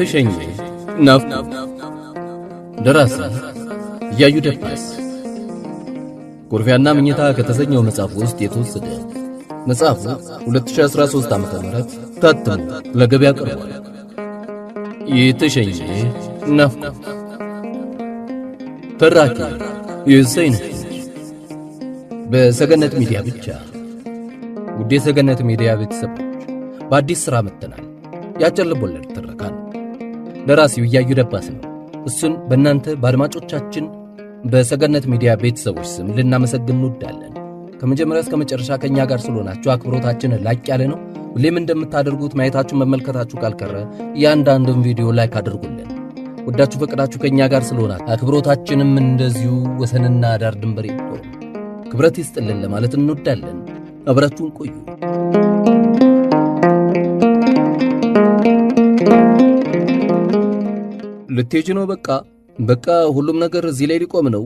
ተሸኘ ናፍ ደራሲ እያዩ ደባስ ጎርፊያና ምኝታ ከተሰኘው መጽሐፍ ውስጥ የተወሰደ። መጽሐፉ 2013 ዓ ዓ.ም ታትሞ ለገበያ ቀርቧል። የተሸኘ ናፍ ተራኪ የሰይነ በሰገነት ሚዲያ ብቻ። ውድ የሰገነት ሚዲያ ቤተሰቦች በአዲስ ሥራ መጥተናል። ያጨልቦለድ ትረካል ደራሲው እያዩ ደባስ ነው። እሱን በእናንተ በአድማጮቻችን በሰገነት ሚዲያ ቤተሰቦች ስም ልናመሰግን እንወዳለን። ከመጀመሪያ እስከ መጨረሻ ከእኛ ጋር ስለሆናችሁ አክብሮታችን ላቅ ያለ ነው። ሁሌም እንደምታደርጉት ማየታችሁን መመልከታችሁ ካልቀረ እያንዳንዱን ቪዲዮ ላይክ አድርጉልን። ወዳችሁ ፈቅዳችሁ ከእኛ ጋር ስለሆናችሁ አክብሮታችንም እንደዚሁ ወሰንና ዳር ድንበር የለ ክብረት ይስጥልን ለማለት እንወዳለን። አብራችሁን ቆዩ። ልትሄጂ ነው? በቃ በቃ ሁሉም ነገር እዚህ ላይ ሊቆም ነው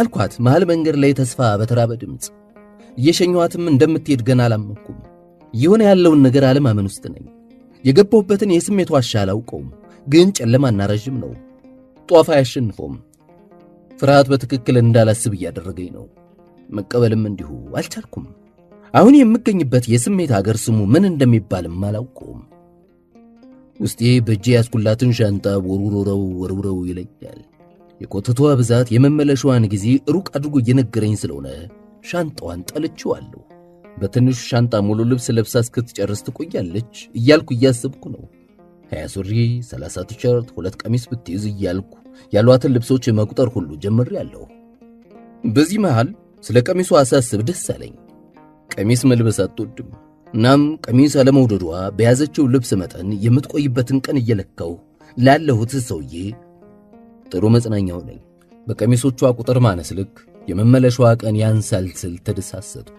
አልኳት። መሃል መንገድ ላይ ተስፋ በተራበ ድምፅ እየሸኘኋትም እንደምትሄድ ገና አላመንኩም። የሆነ ያለውን ነገር አለማመን ውስጥ ነኝ። የገባሁበትን የስሜት ዋሻ አላውቀውም፣ ግን ጨለማና ረዥም ነው። ጧፍ አያሸንፎም። ፍርሃት በትክክል እንዳላስብ እያደረገኝ ነው። መቀበልም እንዲሁ አልቻልኩም። አሁን የምገኝበት የስሜት አገር ስሙ ምን እንደሚባልም አላውቀውም። ውስጤ በእጄ ያስኩላትን ሻንጣ ወርውረው ወርውረው ይለኛል። የቆተቷ ብዛት የመመለሻዋን ጊዜ ሩቅ አድርጎ እየነገረኝ ስለሆነ ሻንጣዋን ጠልቼዋለሁ። በትንሹ ሻንጣ ሙሉ ልብስ ለብሳ እስክትጨርስ ትቆያለች እያልኩ እያሰብኩ ነው። ሀያ ሱሪ፣ ሰላሳ ቲሸርት፣ ሁለት ቀሚስ ብትይዝ እያልኩ ያሏትን ልብሶች መቁጠር ሁሉ ያለሁ። በዚህ መሃል ስለ ቀሚሱ አሳስብ ደስ አለኝ። ቀሚስ መልበስ አትወድም። እናም ቀሚስ አለመውደዷ በያዘችው ልብስ መጠን የምትቆይበትን ቀን እየለካው ላለሁት ሰውዬ ጥሩ መጽናኛው ነኝ። በቀሚሶቿ ቁጥር ማነስ ልክ የመመለሻዋ ቀን ያንሳል ስል ተደሳሰጥኩ።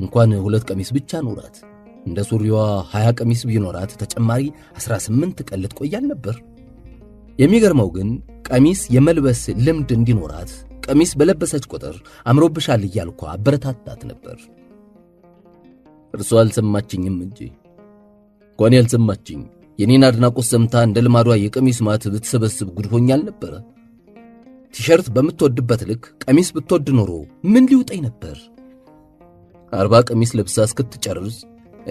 እንኳን ሁለት ቀሚስ ብቻ ኖራት እንደ ሱሪዋ ሀያ ቀሚስ ቢኖራት ተጨማሪ 18 ቀን ልትቆያል ነበር። የሚገርመው ግን ቀሚስ የመልበስ ልምድ እንዲኖራት ቀሚስ በለበሰች ቁጥር አምሮብሻል እያልኳ አበረታታት ነበር። እርሷ አልሰማችኝም እንጂ እንኳን ያልሰማችኝ የኔን አድናቆት ሰምታ እንደ ልማዷ የቀሚስ ማት ብትሰበስብ ጉድ ሆኜ አልነበረ። ቲሸርት በምትወድበት ልክ ቀሚስ ብትወድ ኖሮ ምን ሊውጠኝ ነበር? አርባ ቀሚስ ለብሳ እስክትጨርስ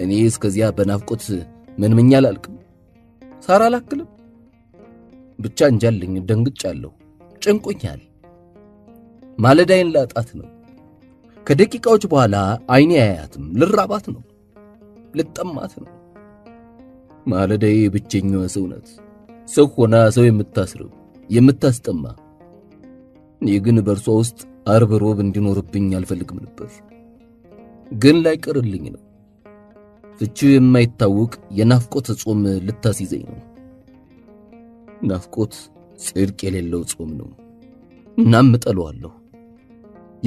እኔ እስከዚያ በናፍቆት ምንምኛ አላልቅም፣ ሳራ አላክልም። ብቻ እንጃልኝ፣ ደንግጫለሁ፣ ጨንቆኛል። ማለዳይን ላጣት ነው። ከደቂቃዎች በኋላ አይኔ አያያትም። ልራባት ነው፣ ልጠማት ነው። ማለዳዬ ብቸኛዋ ሰው ናት። ሰው ሆና ሰው የምታስርብ የምታስጠማ። እኔ ግን በእርሷ ውስጥ አርብ ሮብ እንዲኖርብኝ አልፈልግም ነበር፣ ግን ላይቀርልኝ ነው። ፍቺው የማይታወቅ የናፍቆት ጾም ልታስይዘኝ ነው። ናፍቆት ጽድቅ የሌለው ጾም ነው። እናም እጠለዋለሁ።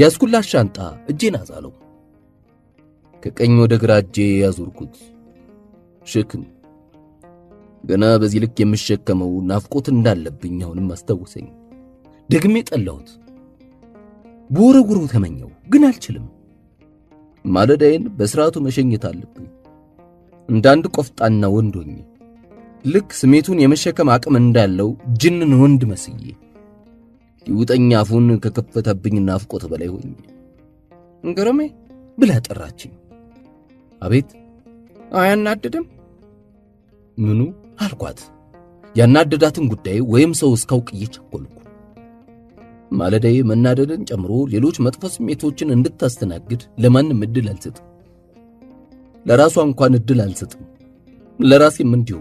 ያስኩላት ሻንጣ እጄን አዛለው። ከቀኝ ወደ ግራ እጄ ያዞርኩት ሸክም ገና በዚህ ልክ የምሸከመው ናፍቆት እንዳለብኝ አሁንም አስታውሰኝ። ደግሜ ጠላሁት፣ በወረውረው ተመኘው፣ ግን አልችልም። ማለዳዬን በስርዓቱ መሸኘት አለብኝ። እንደ አንድ ቆፍጣና ወንድ ሆኜ ልክ ስሜቱን የመሸከም አቅም እንዳለው ጅንን ወንድ መስዬ ይውጠኝ አፉን ከከፈተብኝ ናፍቆት በላይ ሆኝ ገረሜ ብላ ጠራችኝ። አቤት አያናድድም? ምኑ አልኳት። ያናደዳትን ጉዳይ ወይም ሰው እስካውቅ እየቸኮልኩ ማለዳዬ መናደድን ጨምሮ ሌሎች መጥፎ ስሜቶችን እንድታስተናግድ ለማንም እድል አልሰጥም። ለራሷ እንኳን እድል አልሰጥም። ለራሴም እንዲሁ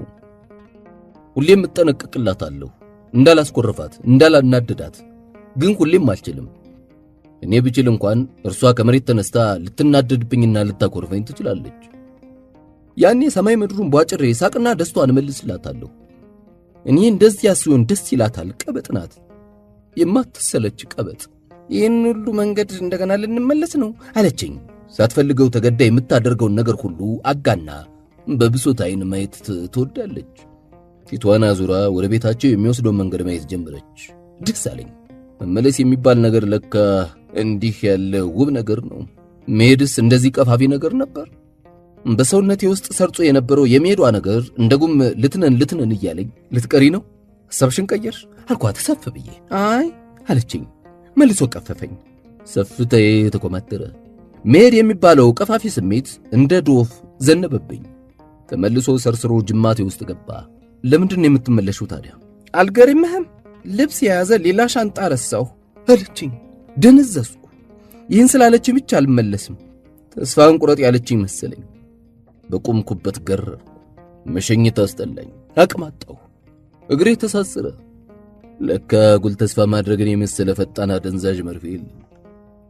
ሁሌም እጠነቀቅላታለሁ እንዳላስኮርፋት፣ እንዳላናደዳት ግን ሁሌም አልችልም። እኔ ብችል እንኳን እርሷ ከመሬት ተነስታ ልትናደድብኝና ልታኮርፈኝ ትችላለች። ያኔ ሰማይ ምድሩን ቧጭሬ ሳቅና ደስቷን እመልስላታለሁ። እኔ እንደዚያ ሲሆን ደስ ይላታል። ቀበጥ ናት፣ የማትሰለች ቀበጥ። ይህን ሁሉ መንገድ እንደገና ልንመለስ ነው አለችኝ። ሳትፈልገው ተገዳ የምታደርገውን ነገር ሁሉ አጋና በብሶት ዓይን ማየት ትወዳለች። ፊቷን አዙራ ወደ ቤታቸው የሚወስደውን መንገድ ማየት ጀመረች። ደስ አለኝ። መመለስ የሚባል ነገር ለካ እንዲህ ያለ ውብ ነገር ነው። መሄድስ እንደዚህ ቀፋፊ ነገር ነበር። በሰውነቴ ውስጥ ሰርጾ የነበረው የመሄዷ ነገር እንደ ጉም ልትነን ልትነን እያለኝ ልትቀሪ ነው ሐሳብሽን ቀየርሽ አልኳት ሰፍ ብዬ። አይ አለችኝ። መልሶ ቀፈፈኝ። ሰፍተዬ ተኮማተረ። መሄድ የሚባለው ቀፋፊ ስሜት እንደ ዶፍ ዘነበብኝ። ተመልሶ ሰርስሮ ጅማቴ ውስጥ ገባ። ለምንድን ነው የምትመለሽው ታዲያ አልገሪምህም ልብስ የያዘ ሌላ ሻንጣ ረሳሁ አለችኝ። ደነዘዝኩ። ይህን ስላለችኝ ብቻ አልመለስም፣ ተስፋን ቁረጥ ያለችኝ መሰለኝ። በቁምኩበት ገረርኩ። መሸኘት አስጠላኝ። አቅማጣሁ። እግሬ ተሳስረ። ለካ ጉል ተስፋ ማድረግን የመሰለ ፈጣን አደንዛዥ መርፌ የለም።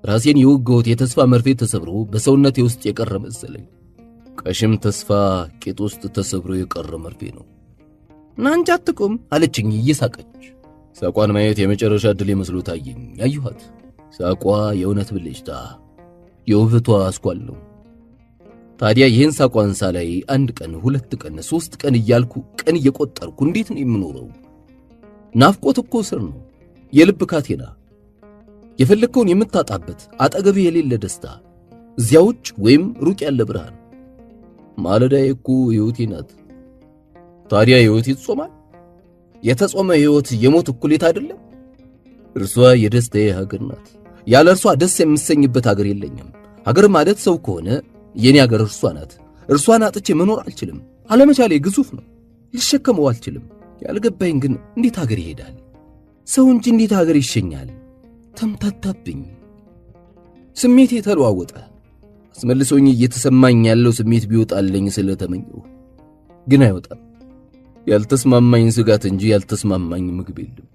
ራሴን የወጋሁት የተስፋ መርፌ ተሰብሮ በሰውነቴ ውስጥ የቀረ መሰለኝ። ቀሽም ተስፋ ቂጥ ውስጥ ተሰብሮ የቀረ መርፌ ነው። ናንቺ አትቁም አለችኝ እየሳቀች። ሳቋን ማየት የመጨረሻ ዕድል መስሎ ታየኝ። ያየኋት ሳቋ የእውነት ብልጭታ፣ የውበቷ አስኳል ነው። ታዲያ ይህን ሳቋን ሳላይ አንድ ቀን፣ ሁለት ቀን፣ ሶስት ቀን እያልኩ ቀን እየቆጠርኩ እንዴት ነው የምኖረው? ናፍቆት እኮ ስር ነው፣ የልብ ካቴና፣ የፈለግከውን የምታጣበት አጠገብ የሌለ ደስታ፣ እዚያ ውጭ ወይም ሩቅ ያለ ብርሃን። ማለዳዬ እኮ ሕይወቴ ናት። ታዲያ ሕይወቴ ትጾማል። የተጾመ ሕይወት የሞት እኩሌት አይደለም። እርሷ የደስታዬ ሀገር ናት። ያለ እርሷ ደስ የምሰኝበት ሀገር የለኝም። ሀገር ማለት ሰው ከሆነ የኔ ሀገር እርሷ ናት። እርሷን አጥቼ መኖር አልችልም። አለመቻሌ ግዙፍ ነው፣ ልሸከመው አልችልም። ያልገባኝ ግን እንዴት ሀገር ይሄዳል ሰው እንጂ እንዴት ሀገር ይሸኛል? ተምታታብኝ። ስሜቴ ተለዋወጠ። አስመልሶኝ እየተሰማኝ ያለው ስሜት ቢወጣልኝ ስለተመኘሁ ግን አይወጣም። ያልተስማማኝ ስጋት እንጂ ያልተስማማኝ ምግብ የለም።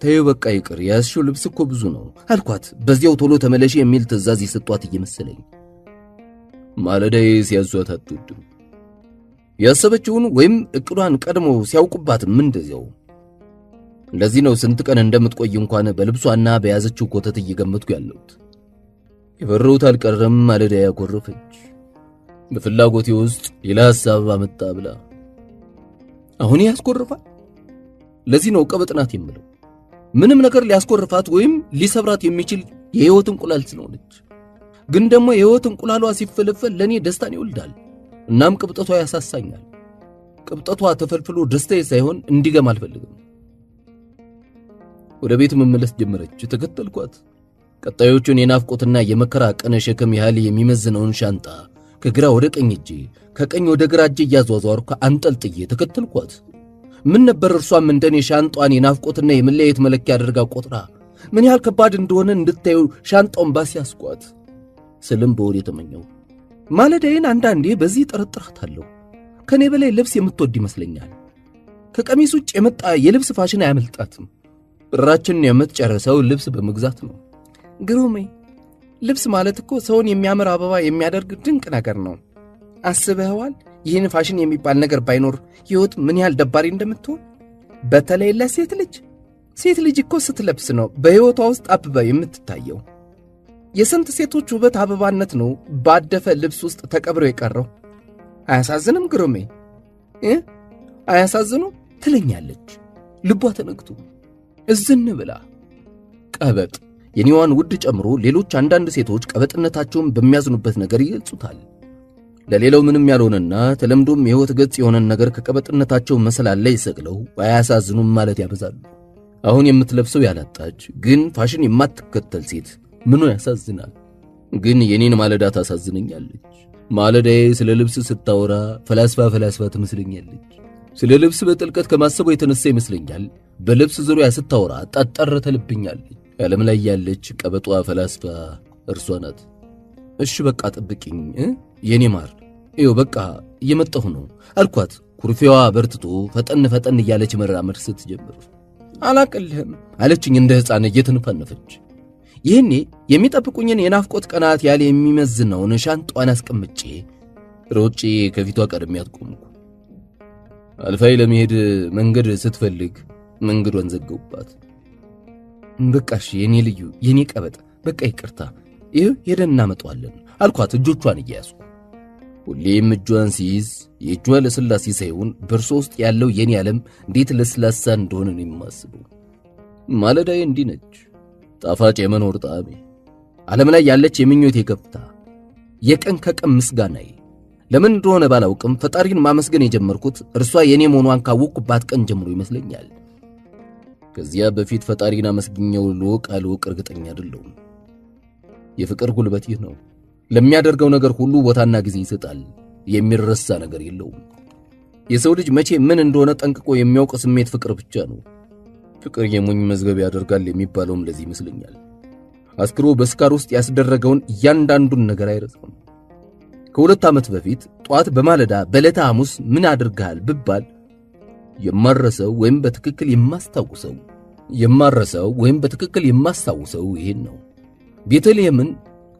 ተይው በቃ ይቅር፣ የያዝሽው ልብስ እኮ ብዙ ነው አልኳት። በዚያው ቶሎ ተመለሽ የሚል ትዕዛዝ የሰጧት እየመሰለኝ ማለዳዬ ሲያዟት አትወድም። ያሰበችውን ወይም እቅዷን ቀድሞ ሲያውቁባትም እንደዚያው። ለዚህ ነው ስንት ቀን እንደምትቆይ እንኳን በልብሷና በያዘችው ኮተት እየገመትኩ ያለሁት። የበረውት አልቀረም። ማለዳ ያጎረፈች በፍላጎቴ ውስጥ ሌላ ሐሳብ አመጣ ብላ አሁን ያስኮርፋል። ለዚህ ነው ቀበጥናት የምለው። ምንም ነገር ሊያስኮርፋት ወይም ሊሰብራት የሚችል የህይወት እንቁላል ስለሆነች፣ ግን ደግሞ የህይወት እንቁላሏ ሲፈለፈል ለእኔ ደስታን ይወልዳል። እናም ቅብጠቷ ያሳሳኛል። ቅብጠቷ ተፈልፍሎ ደስታዬ ሳይሆን እንዲገም አልፈልግም። ወደ ቤት መመለስ ጀመረች። ተከተልኳት። ቀጣዮቹን የናፍቆትና የመከራ ቀነ ሸክም ያህል የሚመዝነውን ሻንጣ ከግራ ወደ ቀኝ እጄ ከቀኝ ወደ ግራ እጄ እያዟዟርኩ አንጠልጥዬ ተከተልኳት። ምን ነበር እርሷም እንደኔ ሻንጧን የናፍቆትና የመለያየት መለኪያ አድርጋ ቆጥራ ምን ያህል ከባድ እንደሆነ እንድታዩ ሻንጣውን ባስ ስልም በወድ የተመኘው ማለዳዬን አንዳንዴ በዚህ ጠረጥራታለሁ። ከእኔ በላይ ልብስ የምትወድ ይመስለኛል። ከቀሚስ ውጭ የመጣ የልብስ ፋሽን አያመልጣትም። ብራችንን የምትጨርሰው ልብስ በመግዛት ነው። ግሩሜ ልብስ ማለት እኮ ሰውን የሚያምር አበባ የሚያደርግ ድንቅ ነገር ነው። አስበኸዋል? ይህን ፋሽን የሚባል ነገር ባይኖር ሕይወት ምን ያህል ደባሪ እንደምትሆን በተለይ ለሴት ልጅ። ሴት ልጅ እኮ ስትለብስ ነው በሕይወቷ ውስጥ አብባ የምትታየው። የስንት ሴቶች ውበት አበባነት ነው ባደፈ ልብስ ውስጥ ተቀብሮ የቀረው። አያሳዝንም ግሩሜ? አያሳዝኑ ትለኛለች ልቧ ተነግቶ እዝን ብላ ቀበጥ የኒዋን ውድ ጨምሮ ሌሎች አንዳንድ ሴቶች ቀበጥነታቸውን በሚያዝኑበት ነገር ይገልጹታል። ለሌላው ምንም ያልሆነና ተለምዶም የሕይወት ገጽ የሆነን ነገር ከቀበጥነታቸው መሰላል ላይ ሰቅለው አያሳዝኑም ማለት ያበዛሉ። አሁን የምትለብሰው ያላጣች ግን ፋሽን የማትከተል ሴት ምኑ ያሳዝናል። ግን የኔን ማለዳ ታሳዝነኛለች። ማለዳዬ ስለ ልብስ ስታወራ ፈላስፋ ፈላስፋ ትመስለኛለች። ስለ ልብስ በጥልቀት ከማሰቡ የተነሳ ይመስለኛል በልብስ ዙሪያ ስታወራ ጠጠር ተልብኛለች። ዓለም ላይ ያለች ቀበጧ ፈላስፋ እርሷ ናት። እሺ በቃ ጠብቅኝ የኔ ማር፣ ይኸው በቃ እየመጣሁ ነው አልኳት። ኩርፊዋ በርትቶ ፈጠን ፈጠን እያለች መራመድ ስትጀምር አላቅልህም አለችኝ እንደ ሕፃን እየተንፈነፈች። ይህኔ የሚጠብቁኝን የናፍቆት ቀናት ያለ የሚመዝነውን ሻንጧን አስቀምጬ ሮጬ ከፊቷ ቀድሜያት ቆምኩ። አልፋይ ለመሄድ መንገድ ስትፈልግ መንገዷን ዘገውባት። በቃሽ የኔ ልዩ የኔ ቀበጥ፣ በቃ ይቅርታ፣ ይህ ሄደን እናመጣዋለን አልኳት እጆቿን እየያዝኩ። ሁሌም እጇን ሲይዝ የእጇ ለስላሴ ሳይሆን በእርሶ ውስጥ ያለው የኔ ዓለም እንዴት ለስላሳ እንደሆነ ነው የማስበው። ማለዳዬ እንዲህ ነች፣ ጣፋጭ የመኖር ጣዕሜ፣ ዓለም ላይ ያለች የምኞቴ ገብታ የቀን ከቀን ምስጋናዬ። ለምን እንደሆነ ባላውቅም ፈጣሪን ማመስገን የጀመርኩት እርሷ የኔ መሆኗን ካወቅኩባት ቀን ጀምሮ ይመስለኛል። ከዚያ በፊት ፈጣሪን አመስግኘው ልወቅ አልወቅ እርግጠኛ አይደለሁም። የፍቅር ጉልበት ይህ ነው። ለሚያደርገው ነገር ሁሉ ቦታና ጊዜ ይሰጣል። የሚረሳ ነገር የለውም። የሰው ልጅ መቼ ምን እንደሆነ ጠንቅቆ የሚያውቅ ስሜት ፍቅር ብቻ ነው። ፍቅር የሞኝ መዝገብ ያደርጋል የሚባለውም ለዚህ ይመስለኛል። አስክሮ በስካር ውስጥ ያስደረገውን እያንዳንዱን ነገር አይረሳም። ከሁለት ዓመት በፊት ጠዋት በማለዳ በዕለተ ሐሙስ ምን አድርጋል ብባል የማረሰው ወይም በትክክል የማስታውሰው የማረሰው ወይም በትክክል የማስታውሰው ይሄን ነው። ቤተልሔምን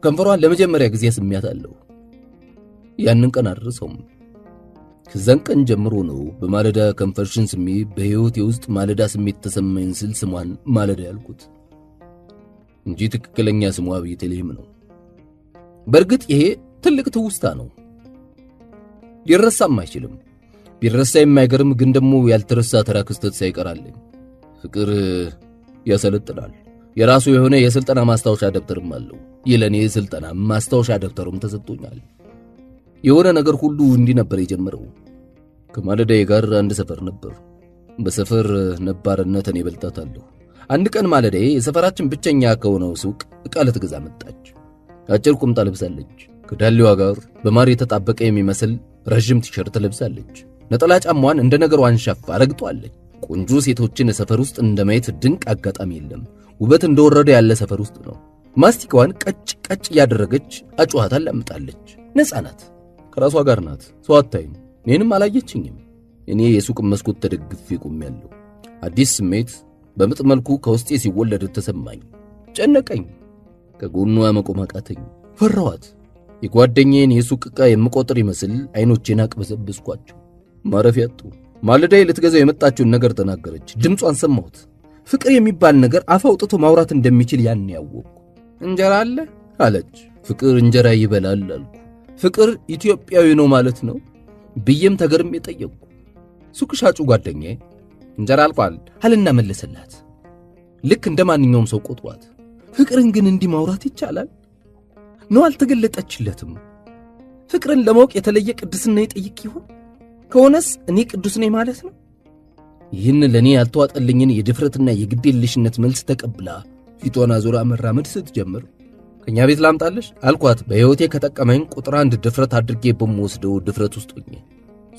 ከንፈሯን ለመጀመሪያ ጊዜ ስሜያታለሁ። ያንን ቀን አደረሰውም። ከዛን ቀን ጀምሮ ነው በማለዳ ከንፈርሽን ስሜ በህይወት ውስጥ ማለዳ ስሜት ተሰማኝ ስል ስሟን ማለዳ ያልኩት እንጂ ትክክለኛ ስሟ ቤተልሔም ነው። በእርግጥ ይሄ ትልቅ ትውስታ ነው፣ ሊረሳም አይችልም። ቢረሳ የማይገርም ግን ደግሞ ያልተረሳ ተራ ክስተት ሳይቀራለኝ። ፍቅር ያሰለጥናል። የራሱ የሆነ የስልጠና ማስታወሻ ደብተርም አለው። ይለኔ የስልጠና ማስታወሻ ደብተሩም ተሰጥቶኛል። የሆነ ነገር ሁሉ እንዲህ ነበር የጀመረው። ከማለዳዬ ጋር አንድ ሰፈር ነበር። በሰፈር ነባርነት እኔ በልጣታለሁ። አንድ ቀን ማለዳዬ የሰፈራችን ብቸኛ ከሆነው ሱቅ ዕቃ ልትገዛ መጣች። አጭር ቁምጣ ለብሳለች። ከዳሌዋ ጋር በማር የተጣበቀ የሚመስል ረዥም ቲሸርት ለብሳለች። ነጠላ ጫማዋን እንደ ነገሯ አንሻፍ አረግጧለች። ቆንጆ ሴቶችን ሰፈር ውስጥ እንደማየት ድንቅ አጋጣሚ የለም። ውበት እንደወረደ ያለ ሰፈር ውስጥ ነው። ማስቲካዋን ቀጭ ቀጭ እያደረገች አጩኋት ለምጣለች። ነፃ ናት። ከራሷ ጋር ናት። ሰው አታይም። እኔንም አላየችኝም። እኔ የሱቅ መስኮት ተደግፌ ቆሜያለሁ። አዲስ ስሜት በምጥ መልኩ ከውስጤ ሲወለድ ተሰማኝ። ጨነቀኝ። ከጎኗ መቆም አቃተኝ። ፈራኋት። የጓደኛዬን የሱቅ ዕቃ የምቆጥር ይመስል አይኖቼን አቅበዘብዝኳቸው። ማረፍ ያጡ ማለዳ ልትገዛው የመጣችውን ነገር ተናገረች። ድምጿን ሰማሁት። ፍቅር የሚባል ነገር አፍ አውጥቶ ማውራት እንደሚችል ያን ያወቅኩ። እንጀራ አለ አለች። ፍቅር እንጀራ ይበላል አልኩ። ፍቅር ኢትዮጵያዊ ነው ማለት ነው ብዬም ተገርሜ ጠየቅኩ። ሱቅ ሻጩ ጓደኛዬ እንጀራ አልቋል አለና መለሰላት። ልክ እንደ ማንኛውም ሰው ቆጥሯት ፍቅርን ግን እንዲህ ማውራት ይቻላል ነው? አልተገለጠችለትም። ፍቅርን ለማወቅ የተለየ ቅድስና ይጠይቅ ይሆን? ከሆነስ እኔ ቅዱስ ነኝ ማለት ነው? ይህን ለእኔ ያልተዋጠልኝን የድፍረትና የግዴለሽነት መልስ ተቀብላ ፊቷን አዙራ መራመድ ስትጀምር ከእኛ ቤት ላምጣለሽ አልኳት። በሕይወቴ ከጠቀመኝ ቁጥር አንድ ድፍረት አድርጌ በምወስደው ድፍረት ውስጥ ሆኜ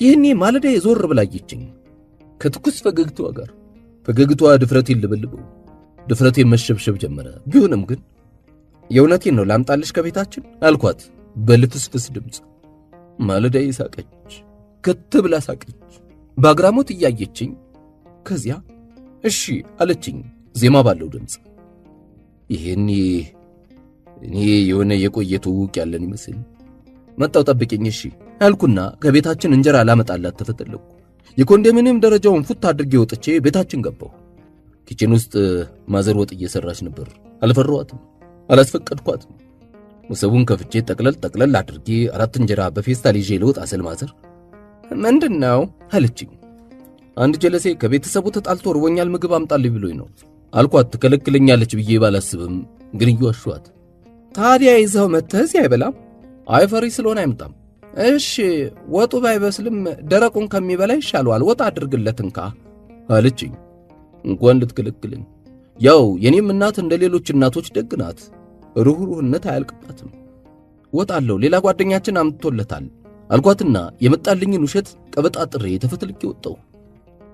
ይህኔ ማለዳ የዞር ብላየችኝ ከትኩስ ፈገግቷ ጋር። ፈገግታዋ ድፍረቴን ልበልበው፣ ድፍረቴን መሸብሸብ ጀመረ። ቢሆንም ግን የእውነቴን ነው ላምጣለሽ ከቤታችን አልኳት በልፍስፍስ ድምፅ። ማለዳ ሳቀች። ከት ብላ ሳቀች። በአግራሞት እያየችኝ ከዚያ እሺ አለችኝ ዜማ ባለው ድምፅ። ይሄኔ እኔ የሆነ የቆየ ትውውቅ ያለን ይመስል መጣው ጠብቅኝ እሺ አልኩና ከቤታችን እንጀራ ላመጣላት ተፈጠለኩ። የኮንዶሚኒየም ደረጃውን ፉት አድርጌ ወጥቼ ቤታችን ገባሁ። ኪችን ውስጥ ማዘር ወጥ እየሰራች ነበር። አልፈራኋትም፣ አላስፈቀድኳትም። ወሰቡን ከፍቼ ጠቅለል ጠቅለል አድርጌ አራት እንጀራ በፌስታል ይዤ ልወጣ ስል ማዘር ምንድን ነው አለችኝ። አንድ ጀለሴ ከቤተሰቡ ተጣልቶ እርቦኛል ምግብ አምጣልኝ ብሎኝ ነው አልኳት። ትከለክለኛለች ብዬ ባላስብም ግን እየዋሸኋት ታዲያ ይዘው መተህ አይበላም አይፈሪ ስለሆነ አይምጣም። እሺ ወጡ ባይበስልም ደረቁን ከሚበላ ይሻለዋል፣ ወጥ አድርግለት እንካ አለችኝ። እንኳን ልትከለክልኝ ያው የኔም እናት እንደ ሌሎች እናቶች ደግ ናት፣ ሩህሩህነት አያልቅባትም። ወጣለሁ ሌላ ጓደኛችን አምጥቶለታል አልኳትና የመጣልኝን ውሸት ቀበጣጥሬ ተፈትልቄ ወጣሁ።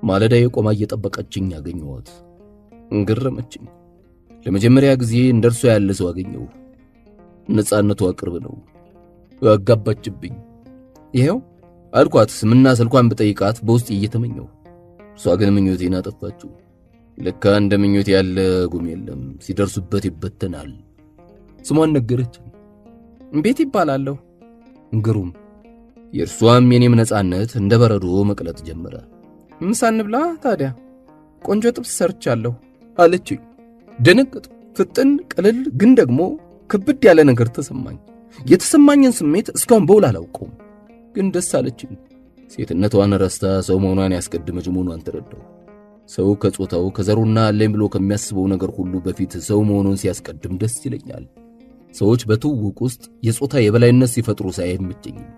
ማለዳ የቆማ እየጠበቀችኝ ያገኘኋት እንገረመችኝ። ለመጀመሪያ ጊዜ እንደርሷ ያለ ሰው አገኘሁ። ነፃነቷ አቅርብ ነው። አጋባችብኝ። ይሄው አልኳት ስምና ስልኳን ብጠይቃት በውስጥ እየተመኘሁ እሷ ግን ምኞቴን አጠፋችው። ለካ እንደ ምኞቴ ያለ ጉም የለም፣ ሲደርሱበት ይበተናል። ስሟን ነገረች። እንቤት ይባላለሁ? ግሩም የእርሷም የኔም ነፃነት እንደ በረዶ መቅለጥ ጀመረ። ምሳ እንብላ ታዲያ ቆንጆ ጥብስ ሰርቻለሁ አለችኝ። ደነገጥኩ። ፍጥን ቅልል ግን ደግሞ ክብድ ያለ ነገር ተሰማኝ። የተሰማኝን ስሜት እስካሁን በውል አላውቀውም፣ ግን ደስ አለችኝ። ሴትነቷን ረስታ ሰው መሆኗን ያስቀድመች መሆኗን ተረዳሁ። ሰው ከጾታው ከዘሩና አለኝ ብሎ ከሚያስበው ነገር ሁሉ በፊት ሰው መሆኑን ሲያስቀድም ደስ ይለኛል። ሰዎች በትውውቅ ውስጥ የጾታ የበላይነት ሲፈጥሩ ሳይ አይመቸኝም።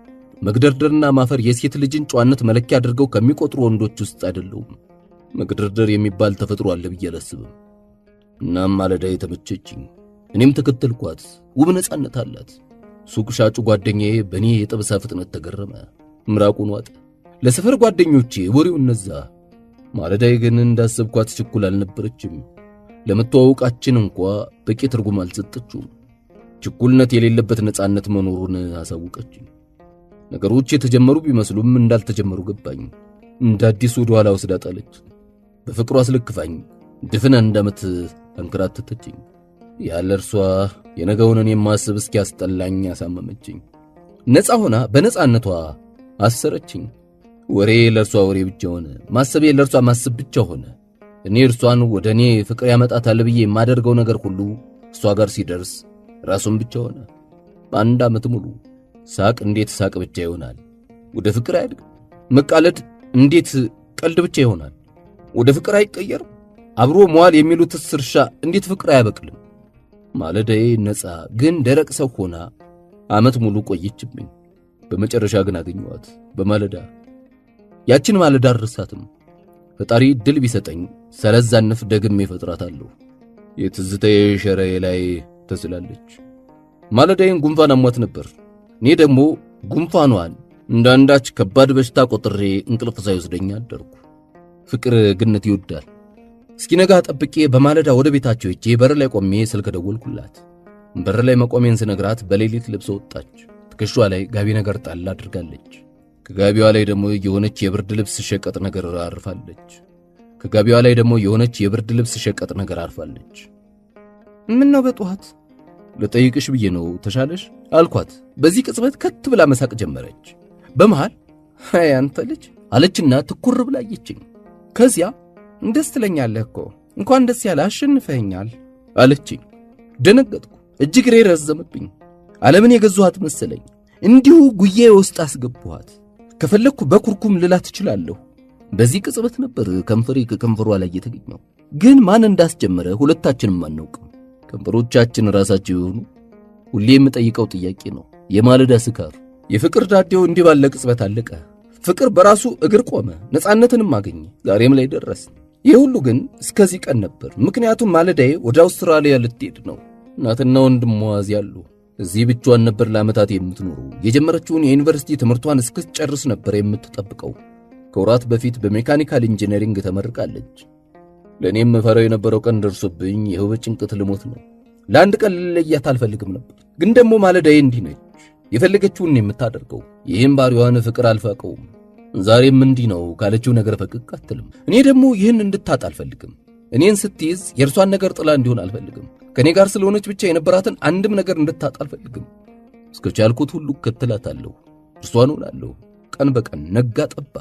መግደርደርና ማፈር የሴት ልጅን ጨዋነት መለኪያ አድርገው ከሚቆጥሩ ወንዶች ውስጥ አይደለውም። መግደርደር የሚባል ተፈጥሮ አለ ብዬ አላስብም። እናም ማለዳ የተመቸችኝ እኔም ተከተልኳት። ውብ ነፃነት አላት። ሱቅ ሻጩ ጓደኛዬ በእኔ የጠብሳ ፍጥነት ተገረመ። ምራቁን ዋጠ። ለሰፈር ጓደኞቼ ወሬው እነዛ። ማለዳዬ ግን እንዳሰብኳት ችኩል አልነበረችም። ለመተዋወቃችን እንኳ በቂ ትርጉም አልሰጠችውም። ችኩልነት የሌለበት ነፃነት መኖሩን አሳውቀችኝ። ነገሮች የተጀመሩ ቢመስሉም እንዳልተጀመሩ ገባኝ። እንደ አዲስ ወደ ኋላ ወስዳ ጣለች። በፍቅሯ አስለክፋኝ ድፍን አንድ ዓመት ተንከራተተችኝ። ያለ እርሷ የነገውን እኔ ማስብ እስኪያስጠላኝ አሳመመችኝ። ነፃ ሆና በነፃነቷ አሰረችኝ። ወሬ ለእርሷ ወሬ ብቻ ሆነ። ማሰቤ ለእርሷ ማስብ ብቻ ሆነ። እኔ እርሷን ወደ እኔ ፍቅር ያመጣታል ብዬ የማደርገው ነገር ሁሉ እሷ ጋር ሲደርስ ራሱን ብቻ ሆነ። በአንድ ዓመት ሙሉ ሳቅ እንዴት ሳቅ ብቻ ይሆናል? ወደ ፍቅር አያድግም? መቃለድ እንዴት ቀልድ ብቻ ይሆናል? ወደ ፍቅር አይቀየርም? አብሮ መዋል የሚሉትስ እርሻ እንዴት ፍቅር አያበቅልም? ማለዳዬ ነፃ ግን ደረቅ ሰው ሆና ዓመት ሙሉ ቆየችብኝ። በመጨረሻ ግን አገኘኋት በማለዳ። ያችን ማለዳ አልረሳትም። ፈጣሪ ድል ቢሰጠኝ ደግም ደግሜ ፈጥራታለሁ። የትዝታዬ ሸራዬ ላይ ተስላለች። ማለዳዬን ጉንፋን አሟት ነበር። እኔ ደግሞ ጉንፋኗን እንዳንዳች ከባድ በሽታ ቆጥሬ እንቅልፍ ሳይወስደኝ አደርኩ። ፍቅር ግንት ይወዳል። እስኪነጋ ጠብቄ በማለዳ ወደ ቤታቸው ሄጄ በር ላይ ቆሜ ስልክ ደወልኩላት። በር ላይ መቆሜን ስነግራት በሌሊት ልብስ ወጣች። ትከሿ ላይ ጋቢ ነገር ጣል አድርጋለች። ከጋቢዋ ላይ ደግሞ የሆነች የብርድ ልብስ ሸቀጥ ነገር አርፋለች። ከጋቢዋ ላይ ደግሞ የሆነች የብርድ ልብስ ሸቀጥ ነገር አርፋለች። ምን ነው በጠዋት ልጠይቅሽ ብዬ ነው። ተሻለሽ? አልኳት። በዚህ ቅጽበት ከት ብላ መሳቅ ጀመረች። በመሃል ያንተ ልጅ አለችና ትኩር ብላ አየችኝ። ከዚያ ደስ ትለኛለህ እኮ እንኳን ደስ ያለ አሸንፈኛል አለችኝ። ደነገጥኩ። እጅግ ሬ ረዘምብኝ። ዓለምን የገዙኋት መሰለኝ። እንዲሁ ጉያዬ ውስጥ አስገቡኋት። ከፈለግኩ በኩርኩም ልላ ትችላለሁ በዚህ ቅጽበት ነበር ከንፈሬ ከከንፈሯ ላይ የተገኘው። ግን ማን እንዳስጀመረ ሁለታችንም አናውቅም። ከንፈሮቻችን ራሳቸው የሆኑ ሁሌ የምጠይቀው ጥያቄ ነው። የማለዳ ስካር የፍቅር ዳዴው እንዲህ ባለ ቅጽበት አለቀ። ፍቅር በራሱ እግር ቆመ፣ ነፃነትንም አገኘ። ዛሬም ላይ ደረስ። ይህ ሁሉ ግን እስከዚህ ቀን ነበር። ምክንያቱም ማለዳዬ ወደ አውስትራሊያ ልትሄድ ነው። እናትና ወንድሟ እዚያ አሉ። እዚህ ብቻዋን ነበር ለዓመታት የምትኖረው። የጀመረችውን የዩኒቨርሲቲ ትምህርቷን እስክትጨርስ ነበር የምትጠብቀው። ከወራት በፊት በሜካኒካል ኢንጂነሪንግ ተመርቃለች። ለእኔም መፈራው የነበረው ቀን ደርሶብኝ ይኸው በጭንቀት ልሞት ነው። ለአንድ ቀን ልለያት አልፈልግም ነበር። ግን ደግሞ ማለዳዬ እንዲህ ነች፣ የፈለገችውን የምታደርገው። ይህም ባሪዋን ፍቅር አልፈቀውም ዛሬም እንዲህ ነው ካለችው ነገር ፈቅቅ አትልም። እኔ ደግሞ ይህን እንድታጣ አልፈልግም። እኔን ስትይዝ የእርሷን ነገር ጥላ እንዲሆን አልፈልግም። ከእኔ ጋር ስለሆነች ብቻ የነበራትን አንድም ነገር እንድታጣ አልፈልግም። እስከ ቻልኩት ሁሉ እከተላታለሁ፣ እርሷን እሆናለሁ። ቀን በቀን ነጋ ጠባ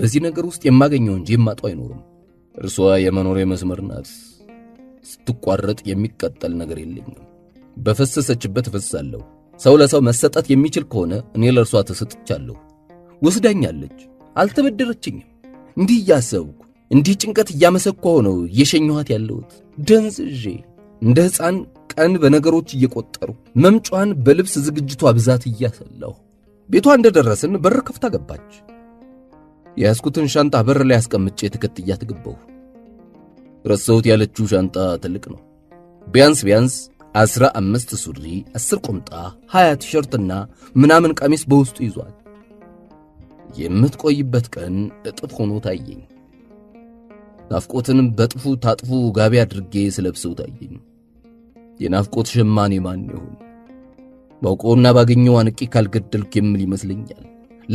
በዚህ ነገር ውስጥ የማገኘው እንጂ የማጣው አይኖርም። እርሷ የመኖሬ መስመር ናት። ስትቋረጥ የሚቀጠል ነገር የለኝም። በፈሰሰችበት እፈሳለሁ። ሰው ለሰው መሰጠት የሚችል ከሆነ እኔ ለእርሷ ተሰጥቻለሁ። ወስዳኛለች፣ አልተበደረችኝም። እንዲህ እያሰብኩ እንዲህ ጭንቀት እያመሰኳ ነው እየሸኘኋት ያለሁት ደንዝዤ እንደ ሕፃን ቀን በነገሮች እየቆጠሩ መምጫዋን በልብስ ዝግጅቷ ብዛት እያሰላሁ ቤቷ እንደደረስን በር ከፍታ ገባች። የያዝኩትን ሻንጣ በር ላይ አስቀምጬ ተከትያት ገባሁ። ረሳሁት ያለችው ሻንጣ ትልቅ ነው። ቢያንስ ቢያንስ አስራ አምስት ሱሪ፣ አስር ቁምጣ፣ ሀያ ቲሸርትና ምናምን ቀሚስ በውስጡ ይዟል። የምትቆይበት ቀን እጥፍ ሆኖ ታየኝ። ናፍቆትን በጥፉ ታጥፉ ጋቢ አድርጌ ስለብሰው ታየኝ። የናፍቆት ሸማኔ ማን ይሆን? ባውቀውና ባገኘው አንቄ ካልገደልኩ የምል ይመስለኛል።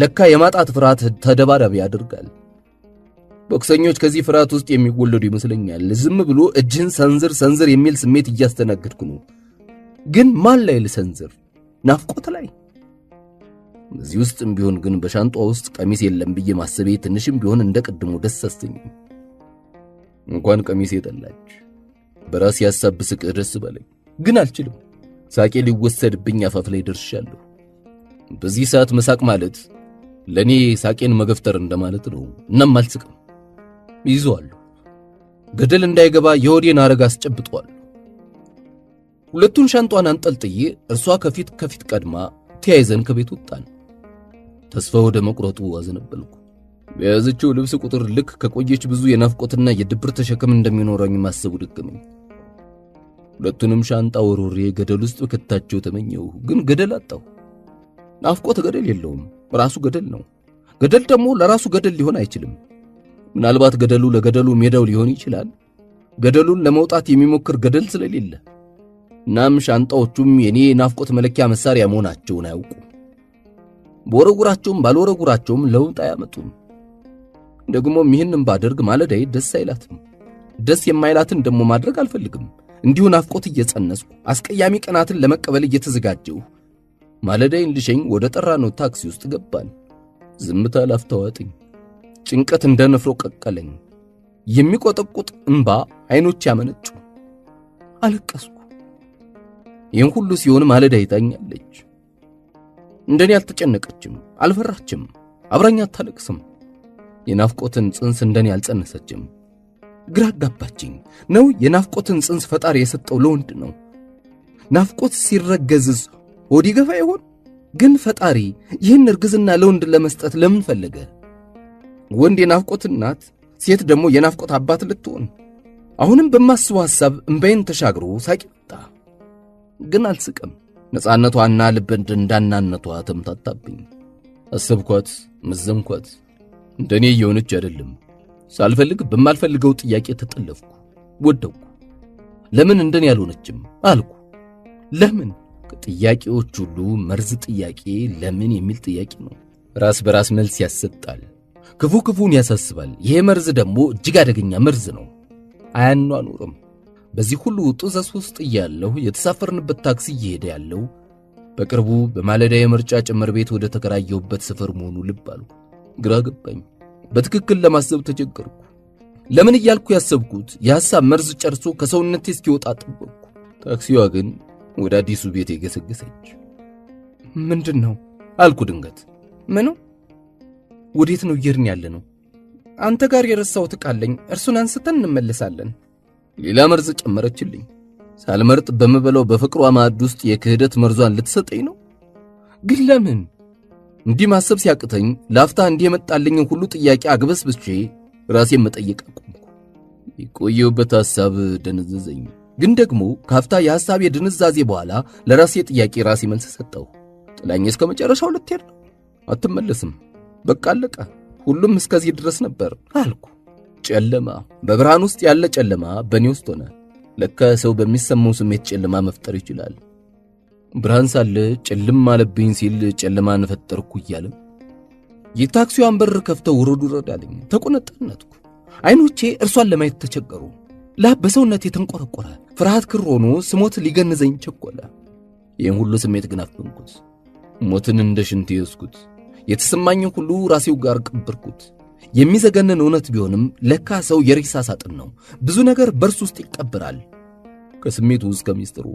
ለካ የማጣት ፍርሃት ተደባዳቢ ያደርጋል። ቦክሰኞች ከዚህ ፍርሃት ውስጥ የሚወለዱ ይመስለኛል። ዝም ብሎ እጅን ሰንዝር ሰንዝር የሚል ስሜት እያስተናገድኩ ነው። ግን ማን ላይ ልሰንዝር? ናፍቆት ላይ? እዚህ ውስጥም ቢሆን ግን በሻንጧ ውስጥ ቀሚስ የለም ብዬ ማሰቤ ትንሽም ቢሆን እንደ ቅድሞ ደስ አሰኝ። እንኳን ቀሚስ የጠላች በራሴ ሐሳብ ብስቅህ ደስ ግን አልችልም። ሳቄ ሊወሰድብኝ አፋፍ ላይ ደርሻለሁ። በዚህ ሰዓት መሳቅ ማለት ለእኔ ሳቄን መገፍተር እንደማለት ነው። እናም አልስቅም። ይዘዋለሁ። ገደል እንዳይገባ የወዴን አረግ አስጨብጧል ሁለቱን ሻንጧን አንጠልጥዬ እርሷ ከፊት ከፊት ቀድማ ተያይዘን ከቤት ወጣን። ተስፋ ወደ መቁረጡ አዘነበልኩ። በያዘችው ልብስ ቁጥር ልክ ከቆየች ብዙ የናፍቆትና የድብር ተሸክም እንደሚኖረኝ ማሰቡ ደገመኝ። ሁለቱንም ሻንጣ ወርውሬ ገደል ውስጥ በከታቸው ተመኘው ግን ገደል አጣሁ። ናፍቆት ገደል የለውም፣ ራሱ ገደል ነው። ገደል ደግሞ ለራሱ ገደል ሊሆን አይችልም። ምናልባት ገደሉ ለገደሉ ሜዳው ሊሆን ይችላል። ገደሉን ለመውጣት የሚሞክር ገደል ስለሌለ እናም ሻንጣዎቹም የኔ የናፍቆት መለኪያ መሳሪያ መሆናቸውን አያውቁም። በወረጉራቸውም ባልወረጉራቸውም ለውጥ አያመጡም። ደግሞም ይህንም ባደርግ ማለዳዬ ደስ አይላትም። ደስ የማይላትን ደግሞ ማድረግ አልፈልግም። እንዲሁ ናፍቆት እየጸነስኩ አስቀያሚ ቀናትን ለመቀበል እየተዘጋጀሁ ማለዳይን ልሸኝ ወደ ጠራነው ታክሲ ውስጥ ገባን። ዝምታ ላፍታዋጥኝ ጭንቀት እንደ ንፍሮ ቀቀለኝ። የሚቆጠቁጥ እንባ አይኖች ያመነጩ። አለቀስኩ። ይህን ሁሉ ሲሆን ማለዳ ይታኛለች። እንደኔ አልተጨነቀችም፣ አልፈራችም፣ አብራኛ አታለቅስም። የናፍቆትን ጽንስ እንደኔ አልጸነሰችም። ግራ አጋባችኝ። ነው የናፍቆትን ጽንስ ፈጣሪ የሰጠው ለወንድ ነው። ናፍቆት ሲረገዝስ ሆድ ይገፋ ይሆን? ግን ፈጣሪ ይህን እርግዝና ለወንድ ለመስጠት ለምን ፈለገ? ወንድ የናፍቆት እናት፣ ሴት ደግሞ የናፍቆት አባት ልትሆን አሁንም በማስቡ ሐሳብ እምባይን ተሻግሮ ሳቂ መጣ። ግን አልስቅም። ነፃነቷና ልብ እንዳናነቷ ተምታታብኝ። አሰብኳት፣ መዘንኳት። እንደኔ እየሆነች አይደለም። ሳልፈልግ በማልፈልገው ጥያቄ ተጠለፍኩ፣ ወደኩ። ለምን እንደኔ ያልሆነችም አልኩ። ለምን ከጥያቄዎች ሁሉ መርዝ ጥያቄ ለምን የሚል ጥያቄ ነው። ራስ በራስ መልስ ያሰጣል። ክፉ ክፉን ያሳስባል። ይሄ መርዝ ደግሞ እጅግ አደገኛ መርዝ ነው። አያኗኑርም። በዚህ ሁሉ ጥዘስ ውስጥ እያለሁ የተሳፈርንበት ታክሲ እየሄደ ያለው በቅርቡ በማለዳ የምርጫ ጭምር ቤት ወደ ተከራየሁበት ሰፈር መሆኑ ልብ አሉ። ግራ ገባኝ። በትክክል ለማሰብ ተቸገርኩ። ለምን እያልኩ ያሰብኩት የሐሳብ መርዝ ጨርሶ ከሰውነቴ እስኪወጣ ጠበቅኩ። ታክሲዋ ግን ወደ አዲሱ ቤት የገሰገሰች። ምንድን ነው አልኩ ድንገት። ምኑ ወዴት ነው እየሄድን ያለ ነው? አንተ ጋር የረሳሁት ዕቃ አለኝ። እርሱን አንስተን እንመለሳለን። ሌላ መርዝ ጨመረችልኝ። ሳልመርጥ በምበላው በፍቅሯ ማዕድ ውስጥ የክህደት መርዟን ልትሰጠኝ ነው? ግን ለምን? እንዲህ ማሰብ ሲያቅተኝ ላፍታ እንዲህ የመጣልኝን ሁሉ ጥያቄ አግበስብቼ ራሴን መጠየቅ አቆምኩ። የቆየሁበት ሐሳብ ደነዘዘኝ። ግን ደግሞ ካፍታ የሐሳብ የድንዛዜ በኋላ ለራሴ ጥያቄ ራሴ መልስ ሰጠሁ። ጥላኝ እስከ መጨረሻው ልትሄድ ነው? አትመለስም በቃ አለቀ። ሁሉም እስከዚህ ድረስ ነበር አልኩ። ጨለማ፣ በብርሃን ውስጥ ያለ ጨለማ በእኔ ውስጥ ሆነ። ለካ ሰው በሚሰማው ስሜት ጨለማ መፍጠር ይችላል። ብርሃን ሳለ ጨልም አለብኝ ሲል ጨለማን ፈጠርኩ እያለ የታክሲዋን በር ከፍተው ውረዱ ረዳልኝ ተቆነጠነትኩ። አይኖቼ እርሷን ለማየት ተቸገሩ። ላብ በሰውነት የተንቆረቆረ ፍርሃት ክር ሆኖ ስሞት ሊገንዘኝ ቸኮለ። ይህን ሁሉ ስሜት ግን አፈንኩት። ሞትን እንደ ሽንት የስኩት የተሰማኝን ሁሉ ራሴው ጋር ቀበርኩት። የሚዘገንን እውነት ቢሆንም ለካ ሰው የሬሳ ሳጥን ነው። ብዙ ነገር በእርሱ ውስጥ ይቀበራል። ከስሜቱ እስከ ሚስጥሩ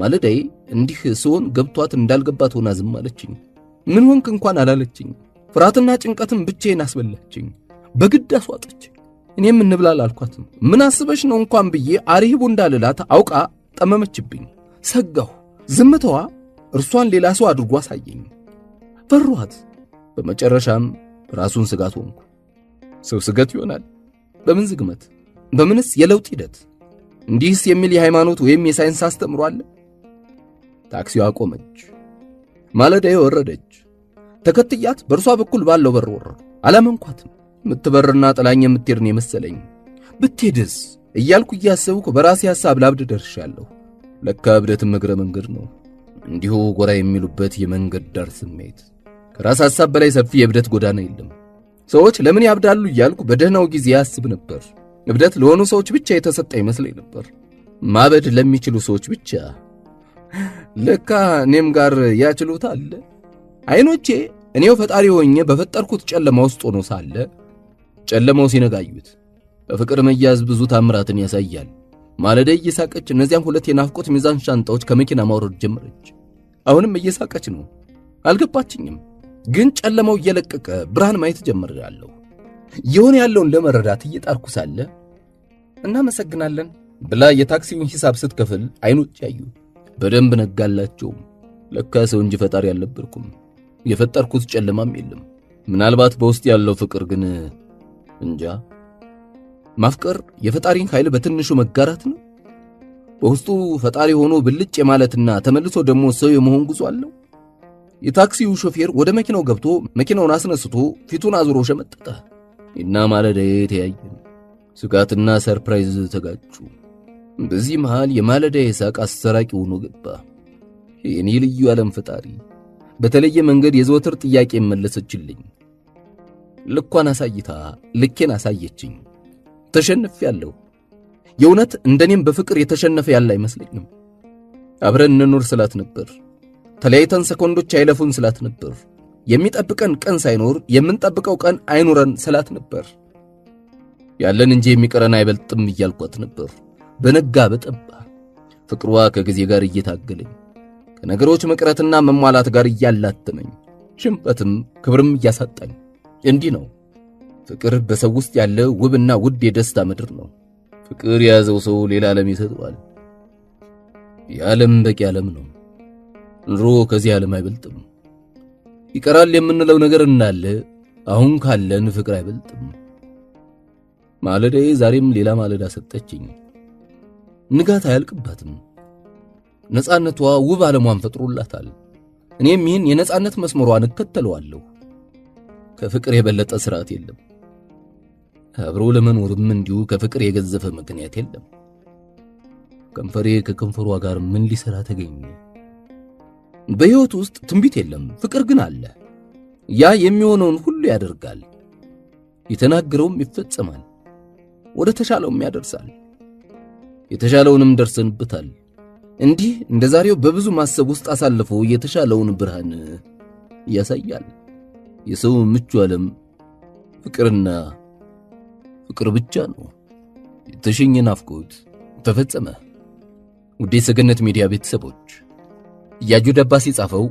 ማለዳዬ እንዲህ ስሆን ገብቷት እንዳልገባት ሆና ዝም አለችኝ። ምን ሆንክ እንኳን አላለችኝ። ፍርሃትና ጭንቀትም ብቻዬን አስበላችኝ፣ በግድ አስዋጠችኝ። እኔም እንብላል አልኳትም። ምን አስበሽ ነው እንኳን ብዬ አሪህቡ እንዳልላት አውቃ ጠመመችብኝ። ሰጋሁ። ዝምታዋ እርሷን ሌላ ሰው አድርጎ አሳየኝ። ፈሯት። በመጨረሻም ራሱን ስጋት ሆንኩ። ሰው ስገት ይሆናል? በምን ዝግመት? በምንስ የለውጥ ሂደት? እንዲህስ የሚል የሃይማኖት ወይም የሳይንስ አስተምሮ አለ? ታክሲዋ ቆመች። ማለዳ ወረደች። ተከትያት በእርሷ በኩል ባለው በር ወረድኩ። አላመንኳትም። የምትበርና ጥላኝ የምትሄድን የመሰለኝ ብትሄድስ እያልኩ እያሰብኩ በራሴ ሐሳብ ላብድ ደርሻለሁ። ለካ እብደትም እግረ መንገድ ነው፣ እንዲሁ ጎራ የሚሉበት የመንገድ ዳር ስሜት ከራስ ሐሳብ በላይ ሰፊ የእብደት ጎዳና የለም። ሰዎች ለምን ያብዳሉ እያልኩ በደህናው ጊዜ ያስብ ነበር። እብደት ለሆኑ ሰዎች ብቻ የተሰጠ ይመስለኝ ነበር። ማበድ ለሚችሉ ሰዎች ብቻ። ለካ እኔም ጋር ያ ችሎታ አለ። አይኖቼ እኔው ፈጣሪ ሆኜ በፈጠርኩት ጨለማ ውስጥ ሆኖ ሳለ ጨለማው ሲነጋዩት በፍቅር መያዝ ብዙ ታምራትን ያሳያል። ማለዳ እየሳቀች እነዚያን ሁለት የናፍቆት ሚዛን ሻንጣዎች ከመኪና ማውረድ ጀመረች። አሁንም እየሳቀች ነው። አልገባችኝም። ግን ጨለማው እየለቀቀ ብርሃን ማየት ጀምሬያለሁ። የሆነ ያለውን ለመረዳት እየጣርኩ ሳለ እናመሰግናለን ብላ የታክሲውን ሂሳብ ስትከፍል አይኖች ያዩ በደንብ ነጋላቸው። ለካ ሰው እንጂ ፈጣሪ አልነበርኩም። የፈጠርኩት ጨለማም የለም። ምናልባት በውስጥ ያለው ፍቅር ግን እንጃ። ማፍቀር የፈጣሪን ኃይል በትንሹ መጋራት ነው። በውስጡ ፈጣሪ ሆኖ ብልጭ የማለትና ተመልሶ ደግሞ ሰው የመሆን ጉዞ አለው። የታክሲው ሾፌር ወደ መኪናው ገብቶ መኪናውን አስነስቶ ፊቱን አዙሮ ሸመጠጠ እና ማለዳዬ ተያየን። ስጋትና ሰርፕራይዝ ተጋጩ። በዚህ መሃል የማለዳዬ ሳቅ አሰራቂ ሆኖ ገባ። የኔ ልዩ ዓለም ፈጣሪ በተለየ መንገድ የዘወትር ጥያቄ መለሰችልኝ። ልኳን አሳይታ ልኬን አሳየችኝ። ተሸንፍ ያለው የእውነት እንደኔም በፍቅር የተሸነፈ ያለ አይመስለኝም። አብረን እንኖር ስላት ነበር። ተለያይተን ሰኮንዶች አይለፉን ስላት ነበር። የሚጠብቀን ቀን ሳይኖር የምንጠብቀው ቀን አይኖረን ስላት ነበር። ያለን እንጂ የሚቀረን አይበልጥም እያልኳት ነበር። በነጋ በጠባ ፍቅሯ ከጊዜ ጋር እየታገለኝ ከነገሮች መቅረትና መሟላት ጋር እያላተመኝ ሽንፈትም ክብርም እያሳጣኝ እንዲህ ነው ፍቅር። በሰው ውስጥ ያለ ውብና ውድ የደስታ ምድር ነው። ፍቅር የያዘው ሰው ሌላ ዓለም ይሰጠዋል። የዓለም በቂ ዓለም ነው። ኑሮ ከዚህ ዓለም አይበልጥም። ይቀራል የምንለው ነገር እናለ አሁን ካለን ፍቅር አይበልጥም። ማለዳዬ ዛሬም ሌላ ማለዳ ሰጠችኝ። ንጋት አያልቅባትም። ነፃነቷ ውብ ዓለሟን ፈጥሮላታል። እኔም ይህን የነፃነት መስመሯን እከተለዋለሁ። ከፍቅር የበለጠ ስርዓት የለም። አብሮ ለመኖርም እንዲሁ ከፍቅር የገዘፈ ምክንያት የለም። ከንፈሬ ከከንፈሯ ጋር ምን ሊሰራ ተገኘ? በሕይወት ውስጥ ትንቢት የለም፣ ፍቅር ግን አለ። ያ የሚሆነውን ሁሉ ያደርጋል፣ የተናገረውም ይፈጸማል፣ ወደ ተሻለውም ያደርሳል። የተሻለውንም ደርሰንበታል። እንዲህ እንደ ዛሬው በብዙ ማሰብ ውስጥ አሳልፎ የተሻለውን ብርሃን ያሳያል። የሰው ምቹ ዓለም ፍቅርና ፍቅር ብቻ ነው። የተሸኘ ናፍቆት ተፈጸመ። ውዴ ሰገነት ሚዲያ ቤተሰቦች እያዩ ደባሲ ጻፈው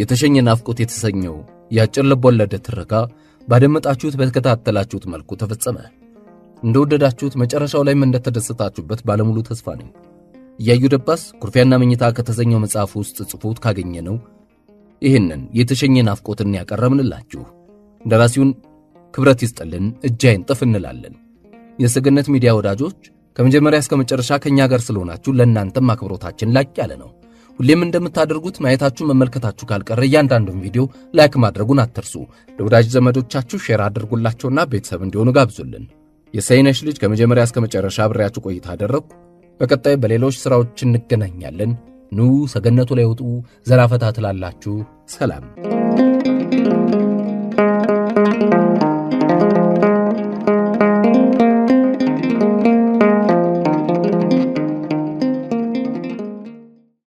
የተሸኘ ናፍቆት የተሰኘው የአጭር ልቦለድ ትረካ ባደመጣችሁት በተከታተላችሁት መልኩ ተፈጸመ። እንደወደዳችሁት መጨረሻው ላይም እንደተደሰታችሁበት ባለሙሉ ተስፋ ነኝ። እያዩ ደባስ ኩርፊያና መኝታ ከተሰኘው መጽሐፍ ውስጥ ጽፎት ካገኘ ነው ይህንን የተሸኘ ናፍቆትን ያቀረብንላችሁ። ደራሲውን ክብረት ይስጥልን፣ እጅ አይንጥፍ እንላለን። የሰገነት ሚዲያ ወዳጆች ከመጀመሪያ እስከ መጨረሻ ከእኛ ጋር ስለሆናችሁ ለእናንተም አክብሮታችን ላቅ ያለ ነው። ሁሌም እንደምታደርጉት ማየታችሁ መመልከታችሁ ካልቀረ እያንዳንዱን ቪዲዮ ላይክ ማድረጉን አትርሱ። ለወዳጅ ዘመዶቻችሁ ሼር አድርጉላቸውና ቤተሰብ እንዲሆኑ ጋብዙልን። የሰይነሽ ልጅ ከመጀመሪያ እስከ መጨረሻ አብሬያችሁ ቆይታ አደረግኩ። በቀጣይ በሌሎች ሥራዎች እንገናኛለን። ኑ ሰገነቱ ላይ ውጡ፣ ዘራፈታ ትላላችሁ። ሰላም